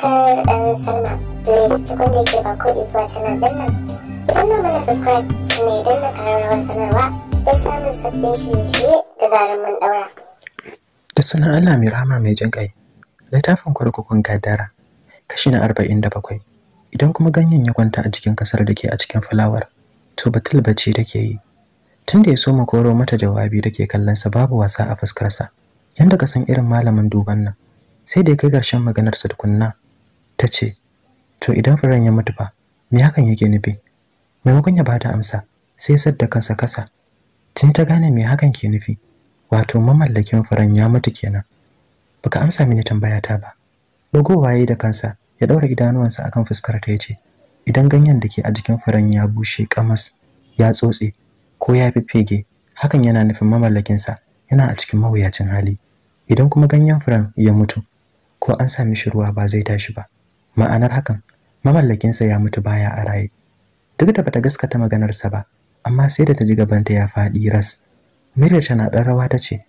subscribe and sign up. Please tukun da yake ba ko zuwa canal din nan. Ki danna mana subscribe sannan idan na kararrawar sanarwa don samun sabbin shirye-shirye da zarar mun daura. Da sunan Allah mai rahama mai jin ƙai, Littafin kurkukun gadara kashi na arba'in da bakwai. Idan kuma ganyen ya kwanta a jikin kasar da ke a cikin fulawar, to batul bacci take yi. Tun da ya so koro mata jawabi da ke kallonsa babu wasa a fuskarsa. Yanda ka san irin malamin duban nan. sai da ya kai ƙarshen maganarsa tukunna ta ce to idan furen ya mutu ba me hakan yake nufi maimakon ya bada amsa sai sadda kansa kasa tun ta gane me hakan ke nufi wato mamallakin furen ya mutu kenan baka amsa mini tambaya ta ba dogo waye da kansa ya daura idanuwansa akan fuskar ta yace idan ganyen da ke a jikin furen ya bushe kamas ya tsotse ko ya fifige hakan yana nufin mamallakin sa yana a cikin mawuyacin hali idan kuma ganyen furen ya mutu ko an sami shi ruwa ba zai tashi ba ma'anar hakan mamallakinsa ya mutu baya a raye duk da bata gaskata maganarsa ba amma sai da ta ji gabanta ya faɗi ras Maryam tana ɗan rawa ta ce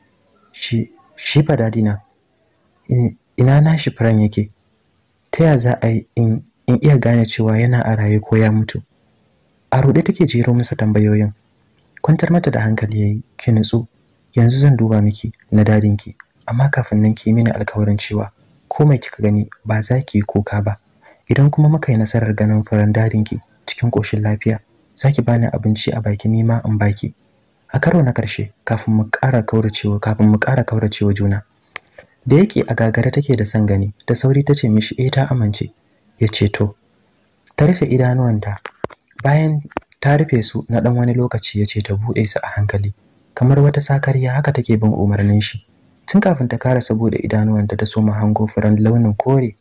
shi shi fa dadina ina na shi furan yake ta ya za a yi in iya gane cewa yana a raye ko ya mutu a ruɗe take jero masa tambayoyin kwantar mata da hankali yayi ki nutsu yanzu zan duba miki na dadinki amma kafin nan ki mini alkawarin cewa komai kika gani ba za ki yi kuka ba idan kuma muka yi nasarar ganin furen ki cikin koshin lafiya za ki bani abinci a baki nima in baki a karo na karshe kafin mu ƙara kauracewa kafin mu ƙara kauracewa juna da yake a gagara take da san gani da sauri ta ce mishi eh ta amince ya ce to ta rufe idanuwanta bayan ta rufe su na ɗan wani lokaci ya ce ta buɗe su a hankali kamar wata sakarya haka take bin umarnin shi tun kafin ta kara saboda idanuwanta ta soma hango furen launin kore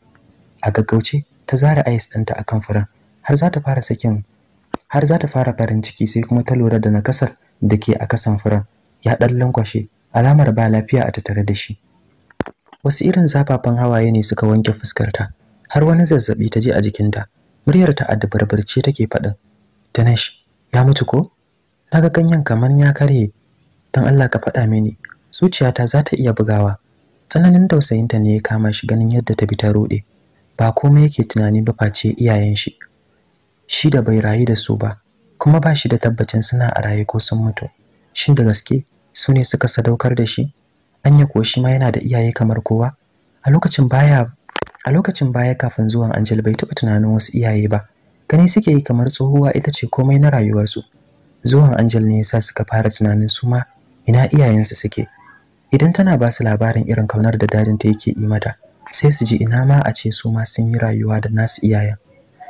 a gaggauce ta zara ice ɗinta a kan furen har za ta fara har za fara farin ciki sai kuma ta lura da nakasar da ke a kasan furen ya ɗan lankwashe alamar ba lafiya a tattare da shi wasu irin zafafan hawaye ne suka wanke fuskarta har wani zazzaɓi ta je a jikinta muryar ta addabarbarce take faɗin Dinesh ya mutu ko Na ga ganyen kamar ya karye don Allah ka faɗa mini zuciyata za ta iya bugawa tsananin tausayinta ne ya kama shi ganin yadda ta bi ta rude. ba komai yake tunani ba face iyayen shi shi da bai rayu da su ba kuma ba shi da tabbacin suna a raye ko sun mutu shin da gaske su ne suka sadaukar da shi anya kuwa shi ma yana da iyaye kamar kowa a lokacin baya a lokacin baya kafin zuwan Angel bai taɓa tunanin wasu iyaye ba gani suke yi kamar tsohuwa ita ce komai na rayuwarsu zuwan Angel ne yasa suka fara tunanin su ma ina iyayensu suke idan tana ba su labarin irin kaunar da dadin ta yake yi mata sai su ji ina ma a ce su ma sun yi rayuwa da nasu iyayen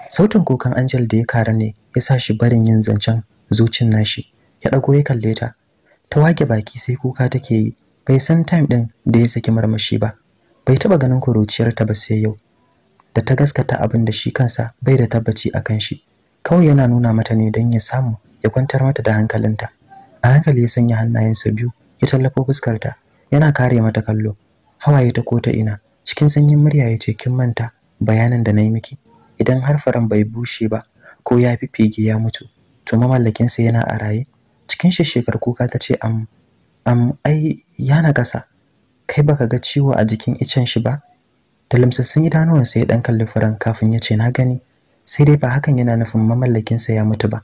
sautin kukan angel da ya kara ne ya sa shi barin yin zancen zucin nashi ya ɗago ya kalle ta ta wage baki sai kuka take yi bai san time ɗin da ya saki marmashi ba bai taɓa ganin kuruciyarta ba sai yau da ta gaskata abin da shi kansa bai da tabbaci a kan shi kawai yana nuna mata ne don ya samu ya kwantar mata da hankalinta a hankali ya sanya hannayensa biyu ya tallafo fuskarta yana kare mata kallo hawaye ta kota ina cikin sanyin murya ya ce kin manta bayanin da na yi miki idan har faran bai bushe ba ko ya fifige ya mutu to mamallakinsa yana a raye cikin shekar kuka ta ce am am ai ya gasa kai baka ga ciwo a jikin icen shi ba da yi idanuwansa sai dan kalli faran kafin ya ce na gani sai dai ba hakan yana nufin mamallakinsa ya mutu ba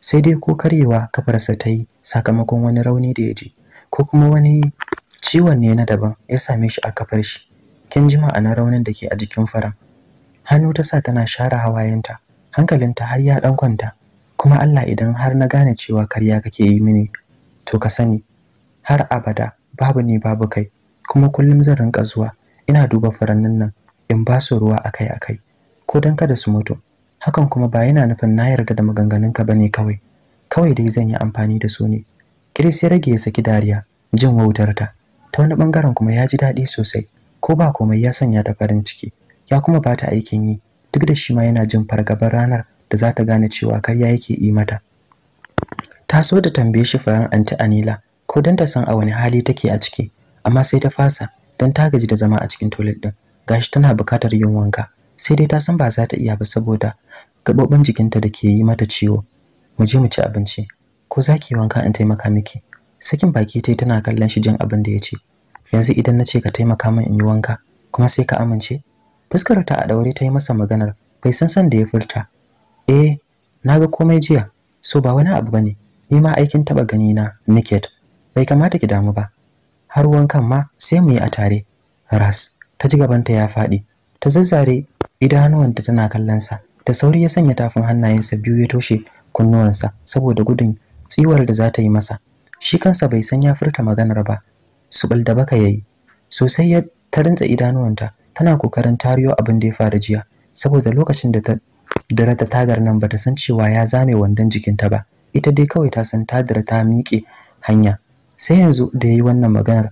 sai dai ko karyewa kafarsa ta yi sakamakon wani rauni da ya ji ko kuma wani ciwon ne na daban ya same shi a kafar shi kin ji ma'ana raunin da ke a jikin faran hannu ta sa tana share hawayenta hankalinta har ya dan kwanta kuma Allah idan har na gane cewa karya kake yi mini to ka sani har abada babu ne babu kai kuma kullum zan rinka zuwa ina duba farannin nan in ba su ruwa akai-akai ko dan kada su mutu hakan kuma ba yana nufin na yarda da maganganunka bane kawai kawai dai zan yi amfani da su ne Chris ya rage ya saki dariya jin wautar ta. ta wani bangaren kuma ya ji daɗi sosai ko ba komai ya sanya ta farin ciki ya kuma ba ta aikin yi duk da shi ma yana jin fargabar ranar da za ta gane cewa ya yake yi mata ta so da tambaye shi faran anti anila ko don ta san a wani hali take a ciki amma sai ta fasa don ta gaji da zama a cikin toilet din gashi tana buƙatar yin wanka sai dai ta san ba za ta iya ba saboda gaɓoɓin jikinta da ke yi mata ciwo mu je mu ci abinci ko za ki wanka in taimaka miki sakin baki tai tana kallon shi jin abin da ya ce yanzu idan na ce ka taimaka min in yi wanka kuma sai ka amince fuskar ta a daure ta yi masa maganar bai san san da ya furta eh na ga komai jiya so ba wani abu bane ni ma aikin taba gani na naked bai kamata ki damu ba har wankan ma sai mu yi a tare ras ta ji gabanta ya faɗi ta zazzare idanuwanta tana kallon sa da sauri ya sanya tafin hannayensa biyu ya toshe kunnuwansa saboda gudun tsiwar da za ta yi masa shi kansa bai san ya furta maganar ba su da baka yayi sosai ya tarinta idanuwanta tana kokarin tariyo abin da ya faru jiya saboda lokacin da ta dare ta tagar nan bata san cewa ya zame wandon jikinta ba ita dai kawai ta san ta dara ta miƙe hanya sai yanzu da yayi wannan maganar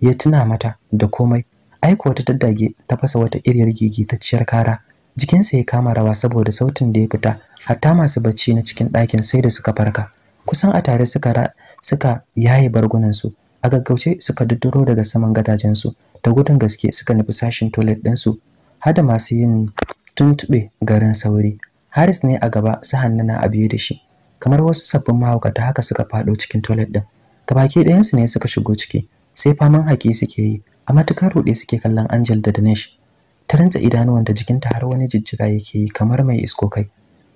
ya tuna mata da komai aiko ta daddage ta fasa wata iriyar gigitacciyar kara jikinsa ya kama rawa saboda sautin da ya fita hatta masu bacci na cikin ɗakin sai da suka farka kusan a tare suka suka yaye bargunansu a gaggauce suka dudduro daga saman gadajensu da gudun gaske suka nufi sashin toilet ɗinsu har da masu yin tuntuɓe garin sauri haris ne a gaba su hannuna a biye da shi kamar wasu sabbin mahaukata haka suka faɗo cikin toilet ɗin gabaki ɗayansu ne suka shigo ciki sai faman haƙi suke yi a matuƙar ruɗe suke kallon angel da dinesh ta rantsa idanuwan da jikinta har wani jijjiga yake yi kamar mai iskokai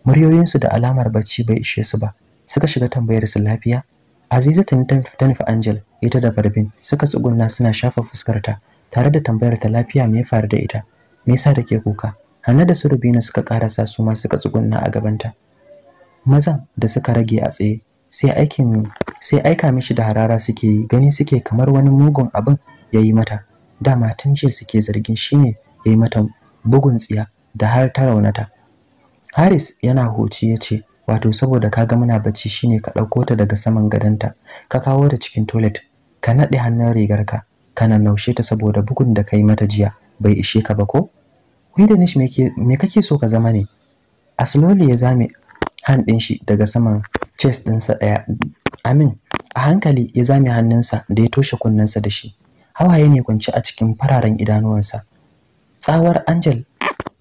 muryoyinsu da alamar bacci bai ishe su ba suka shiga tambayar su lafiya Aziza ta nufi Angel ita da Barbin suka tsugunna suna shafa fuskarta tare da tambayar ta lafiya me ya faru da ita me yasa take kuka Hanna da Surubina suka karasa su ma suka tsugunna a gabanta mazan da suka rage a tsaye sai aikin sai aika mishi da harara suke yi gani suke kamar wani mugun abin yayi mata dama tun jiya suke zargin shine yi mata bugun tsiya da har ta raunata Haris yana hoci ya ce wato saboda ka ga muna bacci shine ka ɗauko ta daga saman gadonta ka kawo ta cikin toilet ka naɗe hannun rigarka kana naushe ta saboda bugun da ka yi mata jiya bai ishe ka ba ko wai da nish me kake so ka zama ne asloli ya zame hand ɗin shi daga saman chest ɗinsa ɗaya amin a hankali ya zame hannunsa da ya toshe kunnensa da shi hawaye ne kwanci a cikin fararen idanuwansa tsawar angel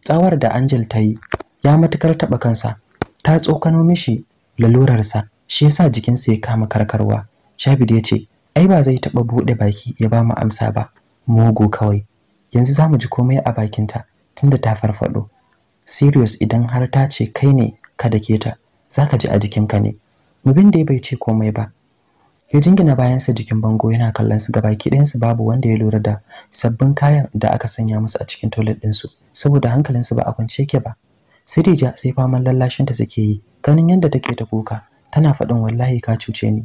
tsawar da angel ta yi ya matukar taɓa kansa ta tsokano mishi lalurarsa shi yasa jikinsa ya kama karkarwa shabid ya ce ai ba zai taba buɗe baki ya ba mu amsa ba Mugo kawai yanzu za mu ji komai a bakinta tunda ta farfaɗo. serious idan har ta ce kai ne ka dake ta zaka ji a jikinka ne mubin da bai ce komai ba ya jingina bayansa jikin bango yana kallon su gabaki ɗayansu babu wanda ya lura da sabbin kayan da aka sanya musu a cikin toilet ɗinsu saboda hankalinsu ba a kwance yake ba Sirija sai faman lallashin lallashinta suke yi, ganin yadda take ta kuka, tana faɗin wallahi ka cuce ni.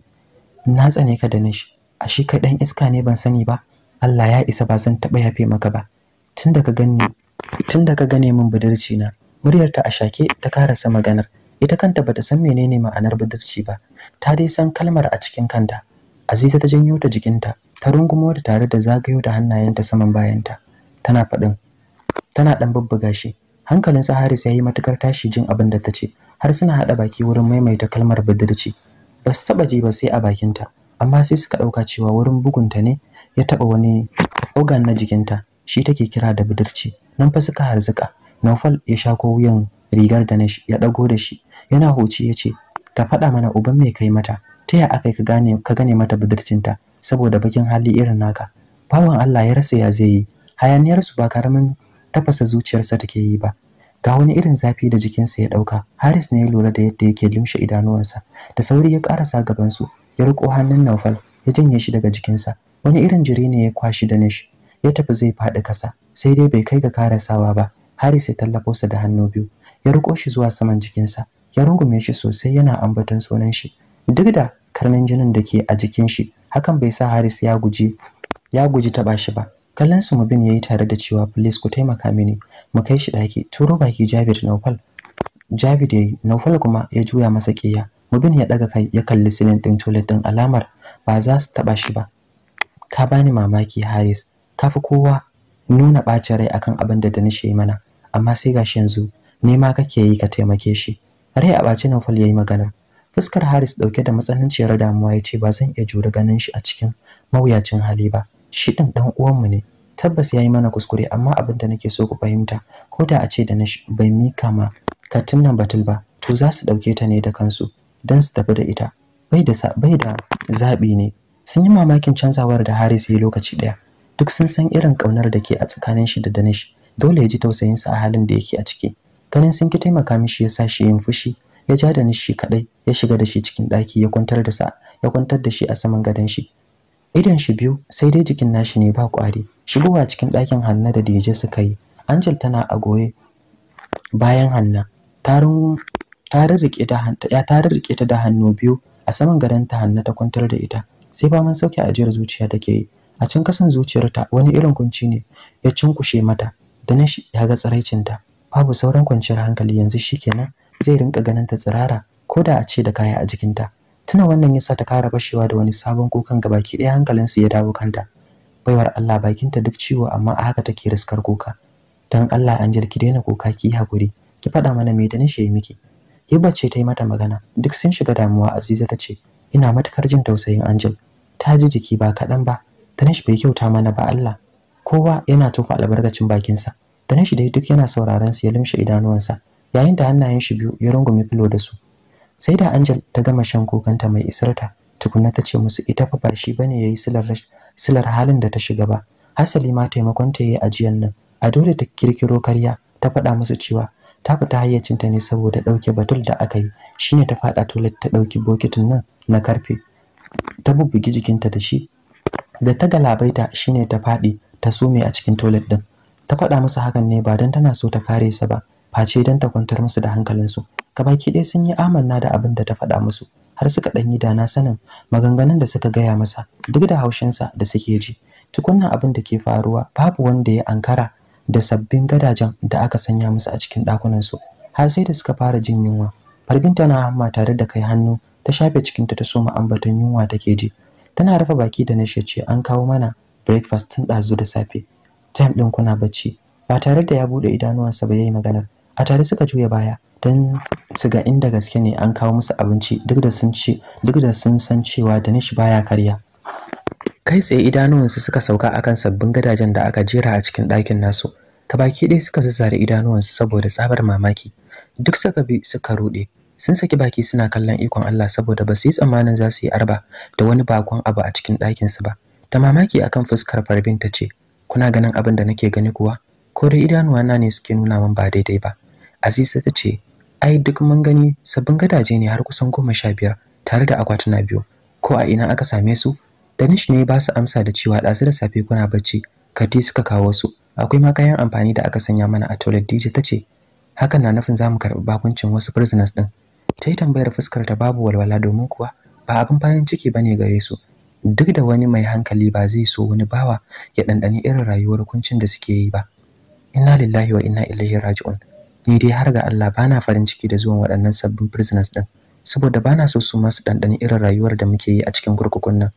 Na tsane ka da nishi, ashe kai ɗan iska ne ban sani ba, Allah ya isa ba zan taɓa yafe maka ba. Tun da ka gane min budurci na, muryarta a shake ta karasa maganar. Ita kanta bata san menene ma'anar budurci ba, ta dai san kalmar a cikin kanta. Aziza ta janyo ta jikinta, ta rungumo ta tare da zagayo da hannayenta saman bayanta. Tana faɗin, tana ɗan bubbuga shi, hankalin sa Haris yi matukar tashi jin abin da ta ce har suna haɗa baki wurin maimaita kalmar budurci ba su taɓa ji ba sai a bakinta amma sai suka ɗauka cewa wurin bugunta ne ya taba wani ogan na jikinta shi take kira da budurci nan fa suka harzuka Naufal ya shako wuyan rigar da nashi ya dago da shi yana hoci ya ce ka faɗa mana uban me kai mata ta ya aka ka gane ka gane mata budurcinta saboda bakin hali irin naka bawan Allah ya rasa ya zai yi hayaniyarsu ba karamin tafasa zuciyarsa take yi ba ga wani irin zafi da jikinsa ya dauka Haris ne ya lura da yadda yake limshe idanuwansa da sauri ya karasa gaban su ya riko hannun Naufal ya janye shi daga jikinsa wani irin jiri ne ya kwashi da nishi ya tafi zai faɗi kasa sai dai bai kai ga karasawa ba Haris ya tallafo sa da hannu biyu ya riko shi zuwa saman jikinsa ya rungume shi sosai yana ambaton sunan shi duk da karnin jinin da ke a jikin shi hakan bai sa Haris ya guji ya guji taba shi ba kallon su ya yayi tare da cewa please ku taimaka mini mu kai shi daki turo baki Jabir Naufal Jabir yayi Naufal kuma ya juya masa kiya mabin ya daga kai ya kalli silin din toilet din alamar ba za su taba shi ba ka bani mamaki Haris kafi kowa nuna bacin rai akan abin da da yayi mana amma sai gashi yanzu nema kake yi ka taimake shi rai a bacin Naufal yayi magana fuskar Haris dauke da matsananciyar damuwa yace ba zan iya jure ganin shi a cikin mawuyacin hali ba shi din dan mu ne tabbas yayi mana kuskure amma abin da nake so ku fahimta ko da a ce da bai mika ma katin nan batul ba to za su dauke ta ne da kansu dan su tafi da ita bai da bai da zabi ne sun yi mamakin canzawar da Haris yi lokaci daya duk sun san irin kaunar da ke a tsakanin shi da Danish dole ya ji tausayin sa a halin da yake a ciki ganin sun ki taimaka mishi ya sa shi yin fushi ya ja da shi kadai ya shiga da shi cikin daki ya kwantar da sa ya kwantar da shi a saman gadon shi idan shi biyu sai dai jikin nashi ne ba kwari shigowa cikin ɗakin hanna da dije suka yi angel tana a goye bayan hanna Ya rirriƙe ta da hannu biyu a saman gadonta hanna ta kwantar da ita sai faman sauke ajiyar zuciya take yi a can kasan zuciyarta wani irin kunci ne ya cunkushe mata da na shi ya ga tsiraicinta babu sauran kwanciyar hankali yanzu shi shikenan zai rinka ganin ta tsirara ko da a ce da kaya a jikinta tuna wannan yasa ta kara bashewa da wani sabon kukan gabaki ɗaya hankalinsu ya dawo kanta baiwar Allah bakinta duk ciwo amma a haka take riskar kuka dan Allah Anjel ki daina kuka ki hakuri ki faɗa mana me da nishe miki Hibba ce ta yi mata magana duk sun shiga damuwa Aziza ta ce ina matukar jin tausayin Angel ta ji jiki ba kaɗan ba Tanish bai kyauta mana ba Allah kowa yana tofa albarkacin bakinsa Tanish dai duk yana sauraron su ya limshe idanuwansa yayin da hannayen shi biyu ya rungume filo da su sai da Angel ta gama shan kokanta mai isarta tukunna ta ce musu ita fa ba shi bane yayi silar rashin silar halin da ta shiga ba hasali ma taimakon ta yi ajiyan nan a dole ta kirkiro karya ta faɗa musu cewa ta fita hayyacinta ne saboda ɗauke batul da aka yi shine ta faɗa toilet ta ɗauki bokitin nan na karfe ta bubbugi jikinta da shi da ta galabaita shine ta faɗi ta sume a cikin toilet din ta faɗa musu hakan ne ba don tana so ta kare sa ba face don ta kwantar musu da hankalinsu gabaki ɗaya sun yi amanna da abin da ta faɗa musu har suka ɗan yi dana sanin maganganun da suka gaya masa duk da haushinsa da suke ji tukunna abin da ke faruwa babu wanda ya ankara da sabbin gadajen da aka sanya musu a cikin ɗakunansu har sai da suka fara jin yunwa farbin na hamma tare da kai hannu ta shafe cikin ta ta soma ambaton yunwa take ji tana rufe baki da nishe ce an kawo mana breakfast tun ɗazu da safe time ɗin kuna bacci ba tare da ya bude idanuwansa ba yayi maganar a tare suka juya baya don su ga inda gaske ne an kawo musu abinci duk da sun ce duk da sun san cewa Danish baya karya kai tsaye idanuwansu suka sauka akan sabbin gadajen da aka jera a cikin ɗakin nasu ka baki ɗaya suka zazzare idanuwansu saboda tsabar mamaki duk suka bi suka ruɗe sun saki baki suna kallon ikon Allah saboda ba su yi tsammanin za su yi arba da wani bakon abu a cikin ɗakinsu ba ta mamaki akan fuskar farbin ta ce kuna ganin abin da nake gani kuwa ko dai na ne suke nuna min ba daidai ba aziza ta ce ai duk mun gani sabbin gadaje ne har kusan goma sha biyar tare da akwatuna biyu ko a ina aka same su danish ne ba su amsa da cewa ɗazu da safe kuna bacci kati suka kawo su akwai ma amfani da aka sanya mana a toilet dj ta ce hakan na nufin zamu mu karɓi bakuncin wasu prisoners ɗin ta yi tambayar fuskar ta babu walwala domin kuwa ba abin farin ciki ba ne gare su duk da wani mai hankali ba zai so wani bawa ya ɗanɗani irin rayuwar kuncin da suke yi ba inna lillahi wa inna ilaihi raji'un ni dai har ga Allah bana farin ciki da zuwan waɗannan sabbin prisoners din saboda bana so su masu dandani irin rayuwar da muke yi a cikin kurkukun nan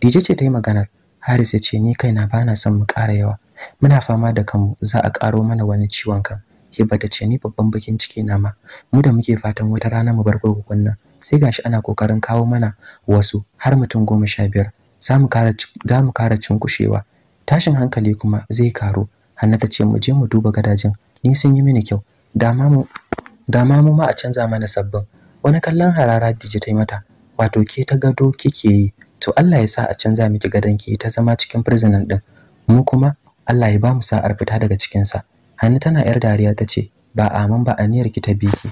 DJ ce ta yi maganar Haris ya ce ni kaina bana son mu ƙara yawa muna fama da kanmu za a ƙaro mana wani ciwon kan Hiba ta ce ni babban bakin ciki na ma mu da muke fatan wata rana mu bar kurkukun nan sai gashi ana kokarin kawo mana wasu har mutum goma sha biyar za mu kara cinkushewa tashin hankali kuma zai karu Hanna ta ce mu je mu duba gadajin. ni sun yi mini kyau dama mu dama mu ma a canza mana sabbin wani kallon harara Dije ta yi mata wato ke ta gado kike yi to Allah ya sa a canza miki gadon ki ta zama cikin prisoner din mu kuma Allah ya ba mu sa'ar fita daga cikin sa Hanna tana yar dariya ta ce ba a aman ba aniyar ki ta biki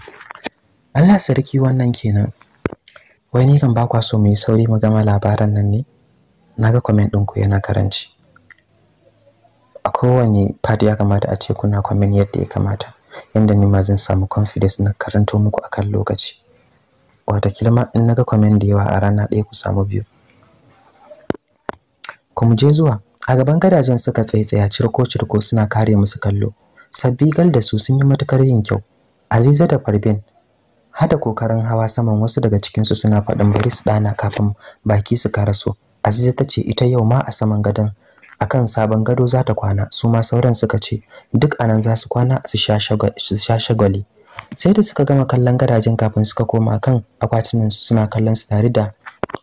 Allah sarki wannan kenan wai ni kan ba kwa so mu yi sauri mu gama labaran nan ne naga comment ɗinku yana karanci a kowane part ya kamata a ce kuna kwamin yadda ya kamata yadda ni ma zan samu confidence na karanto muku akan lokaci watakila ma in naga kwamin da yawa a rana ɗaya ku samu biyu kuma je zuwa a gaban gadajen suka tsaitsaya cirko cirko suna kare musu kallo sabbi gal da su sun yi matukar yin kyau aziza da farbin hada kokarin hawa saman wasu daga cikinsu suna faɗin bari su ɗana kafin baki su karaso aziza ta ce ita yau ma a saman gadon akan sabon gado za ta kwana su ma sauran suka ce duk anan za su kwana su sha shagwali. sai da suka gama kallon gadajen kafin suka koma kan akwatunan suna kallon su tare da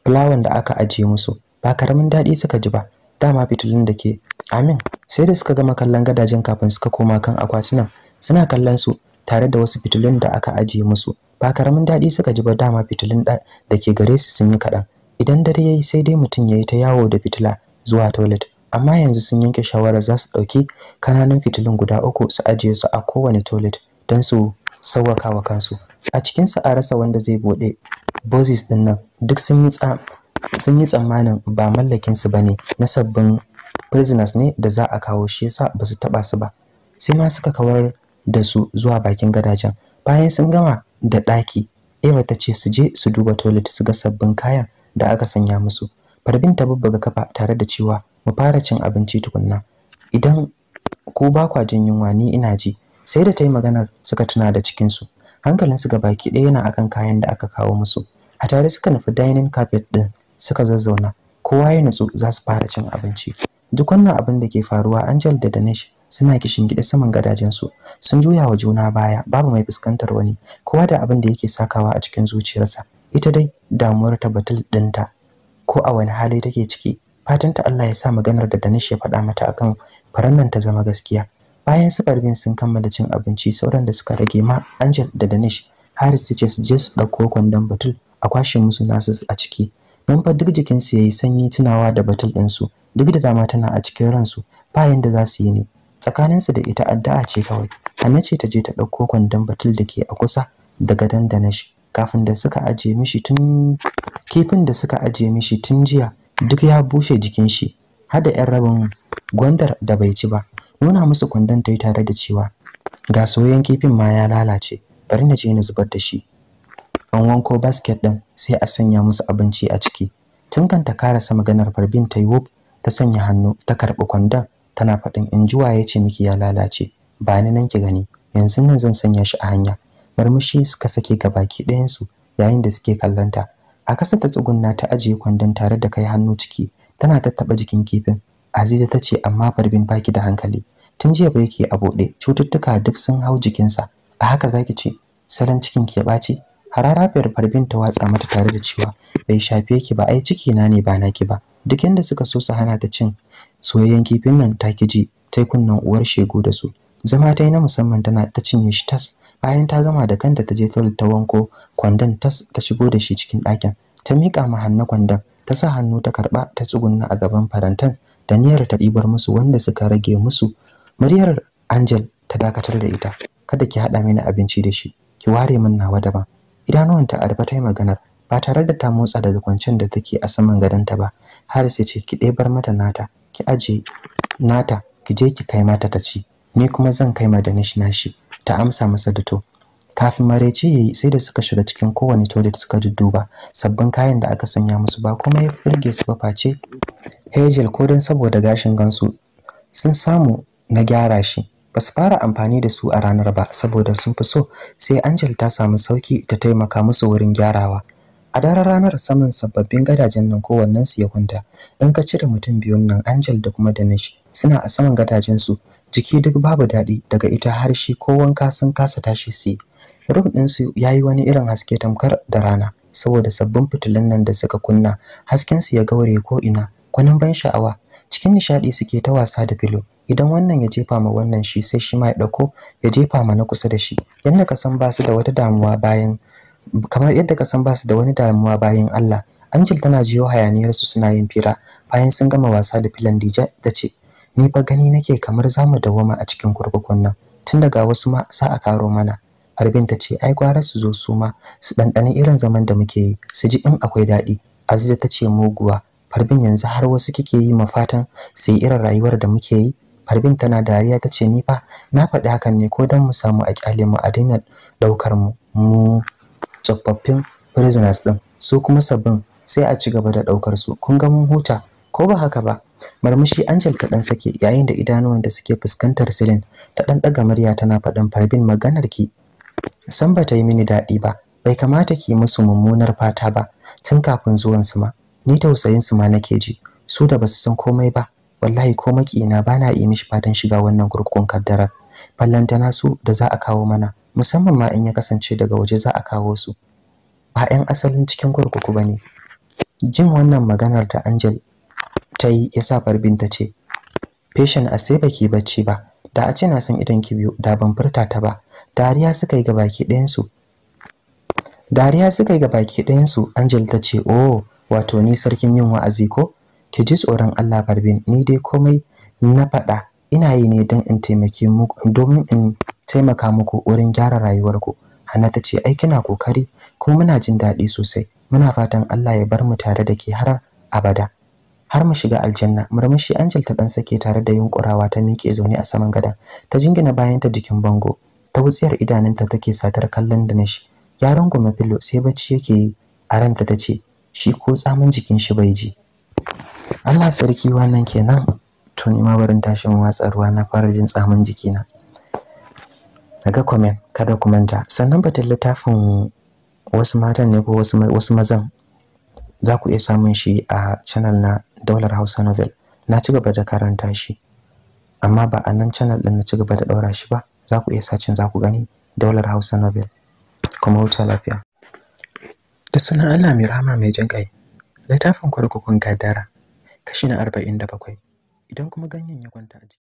fulawan da aka ajiye musu ba karamin daɗi suka ji ba dama fitilun da ke amin sai da suka gama kallon gadajen kafin suka koma kan akwatunan suna kallon su tare da wasu fitilun da aka ajiye musu ba karamin daɗi suka ji ba dama fitilun da ke gare su sun yi kaɗan idan dare ya yi sai dai mutum ya yi ta yawo da fitila zuwa toilet amma yanzu sun yanke shawarar za su ɗauki kananan fitilun guda uku su ajiye su a kowane toilet don su sauwaka wa kansu a cikin a rasa wanda zai buɗe bozis ɗin nan duk sun yi tsammanin ba mallakinsu ba ne na sabbin prisoners ne da za a kawo shi yasa ba su taɓa su ba sai ma suka kawar da su zuwa bakin gadajen bayan sun gama da ɗaki eva ta ce su je su duba toilet su ga sabbin kayan da aka sanya musu Farbin ta bubbuga kafa tare da cewa mu fara cin abinci tukunna. Idan ku ba kwa jin yunwa ni ina ji. Sai da ta yi maganar suka tuna da cikin cikinsu. Hankalinsu ga baki ɗaya yana akan kayan da aka kawo musu. A tare suka nufi dining carpet ɗin suka zazzauna. Kowa ya nutsu za su fara cin abinci. Duk wannan abin da ke faruwa Angel da Danish suna kishin gida saman gadajen su sun juya wa juna baya babu mai fuskantar wani kowa da abin da yake sakawa a cikin zuciyarsa ita dai damuwar ta batul ɗinta ko a wani hali take ciki fatanta Allah ya sa maganar da Danish ya faɗa mata akan farannan ta zama gaskiya bayan su sun kammala cin abinci sauran da suka rage ma Angel da Danish Haris ta ce su je su ɗauko kwandon batul a kwashe musu nasu a ciki don fa duk jikinsu ya yi sanyi tunawa da batul su, duk da dama tana a cikin ransu bayan da za su yi ne tsakaninsu da ita addu'a ce kawai Hanna ce ta je ta ɗauko kwandon batul da ke a kusa da gadon Danish kafin da suka aje mishi tun kifin da suka aje mishi tun jiya duk ya bushe jikin shi da yan rabin gwandar da bai ci ba nuna musu kwandon ta yi tare da cewa ga soyayyen kifin ma ya lalace bari na je na zubar da shi an wanko basket ɗin sai a sanya musu abinci a ciki tun kan ta karasa maganar farbin ta yi ta sanya hannu ta karɓi kwandon tana faɗin in juwa ya ce miki ya lalace ba ni nan ki gani yanzu nan zan sanya shi a hanya murmushi suka sake ga baki ɗayansu yayin da suke kallonta a kasa ta tsugunna ta ajiye kwandon tare da kai hannu ciki tana tattaba jikin kifin aziza ta ce amma farbin baki da hankali tun jiya ba yake a buɗe cututtuka duk sun hau jikinsa a haka zaki ce salon cikin ke baci hararafiyar farbin ta watsa mata tare da cewa bai shafe yake ba ai ciki na ne ba naki ba duk yanda suka so su hana ta cin soyayyen kifin nan ta ji ta kunnan uwar shegu da su zama ta yi na musamman tana ta cinye shi tas bayan ta gama da kanta ta je toilet ta wanko kwandon ta shigo da shi cikin ɗakin ta miƙa ma hannu kwandon ta sa hannu ta karɓa ta tsugunna a gaban farantan da niyyar ta ɗibar musu wanda suka rage musu muryar angel ta dakatar da ita kada ki haɗa mini abinci da shi ki ware min nawa daban idanuwan ta arfa ta yi maganar ba tare da ta motsa daga kwancen da take a saman gadon ta ba har ya ce ki ɗebar mata nata ki aje nata ki je ki kai mata ta ci ni kuma zan kai ma da nishi nashi ta amsa masa da to kafin maraice yayi sai da suka shiga cikin kowane toilet suka dudduba sabbin kayan da aka sanya musu ba kuma ya furge su ba face hegel ko don saboda gashin gansu sun samu na gyara shi basu fara amfani da su a ranar ba saboda sun fi so sai angel ta samu sauki ta taimaka musu wurin gyarawa a daren ranar saman sababbin gadajen nan kowannen su ya kwanta in ka cire mutum biyun nan angel da kuma danish suna a saman gadajensu jiki duk babu daɗi daga ita har shi ko wanka sun kasa tashi su yi rum ɗinsu ya yi wani irin haske tamkar da rana saboda sabbin fitilun nan da suka kunna hasken su ya gaure ko ina kwanan ban sha'awa cikin nishaɗi suke ta wasa da filo idan wannan ya jefa ma wannan shi sai shi ma ya ɗauko ya jefa ma na kusa da shi yadda ka san ba su da wata damuwa bayan kamar yadda ka san ba su da wani damuwa bayan Allah Angel tana jiyo hayaniyarsu suna yin fira bayan sun gama wasa da filan Dija ta ce ni fa gani nake kamar zamu dawoma a cikin kurkukun nan tun daga wasu ma sa a karo mana harbin ta ce ai gwara su zo su ma su ɗanɗani irin zaman da muke yi su ji in akwai daɗi aziza ta ce muguwa farbin yanzu har wasu kike yi mafatan su yi irin rayuwar da muke yi farbin tana dariya ta ce ni fa na faɗi hakan ne ko don mu samu a ƙyale mu a daina ɗaukar mu mu tsofaffin prisoners ɗin su kuma sabbin sai a ci gaba da ɗaukar su kun ga mun huta ko ba haka ba marmushi Angel ta dan sake yayin da idanuwan da suke fuskantar silin ta dan daga murya tana faɗin farbin maganar ki san ba ta yi mini daɗi ba bai kamata ki musu mummunar fata ba tun kafin zuwan su ma ni tausayin su ma nake ji su da basu san komai ba wallahi ko makina bana yi mishi fatan shiga wannan kurkukun kaddarar na su da za a kawo mana musamman ma in ya kasance daga waje za a kawo su ba 'yan asalin cikin kurkuku ba ne jin wannan maganar ta angel ta yi ya sa farbin ta ce feshin a sai baki bacci ba da a ce na san idan ki biyu da ban furta ta ba dariya suka yi gabaki ɗayansu dariya suka yi gabaki ɗayansu angel ta ce oh wato ni sarkin yin wa'azi ko ki ji tsoron allah farbin ni dai komai na faɗa ina yi ne don in taimake muku domin in taimaka muku wurin gyara rayuwarku Hana ta ce ai kina kokari kuma muna jin daɗi sosai muna fatan Allah ya bar mu tare da ke har abada har mu shiga aljanna murmushi Angel ta dan sake tare da yunkurawa ta miƙe zaune a saman gada. ta jingina bayanta jikin bango ta wutsiyar idanunta take satar kallon da nashi Yaron goma filo sai bacci yake yi a ranta ta ce shi ko tsamin jikin shi bai ji Allah sarki wannan kenan to ni ma barin tashin watsa ruwa na fara jin tsamin jikina daga comment kada ku manta sannan batun littafin wasu matan ne ko wasu mazan za ku iya samun shi a channel na daular Hausa novel na ci gaba da karanta shi amma ba a nan channel din na ci gaba da daura shi ba za ku iya sacin za ku gani daular Hausa novel kuma wuta lafiya da sunan Allah mai rahama mai jin kai littafin kurkukun gadara kashi na 47 idan kuma ganyen ya kwanta a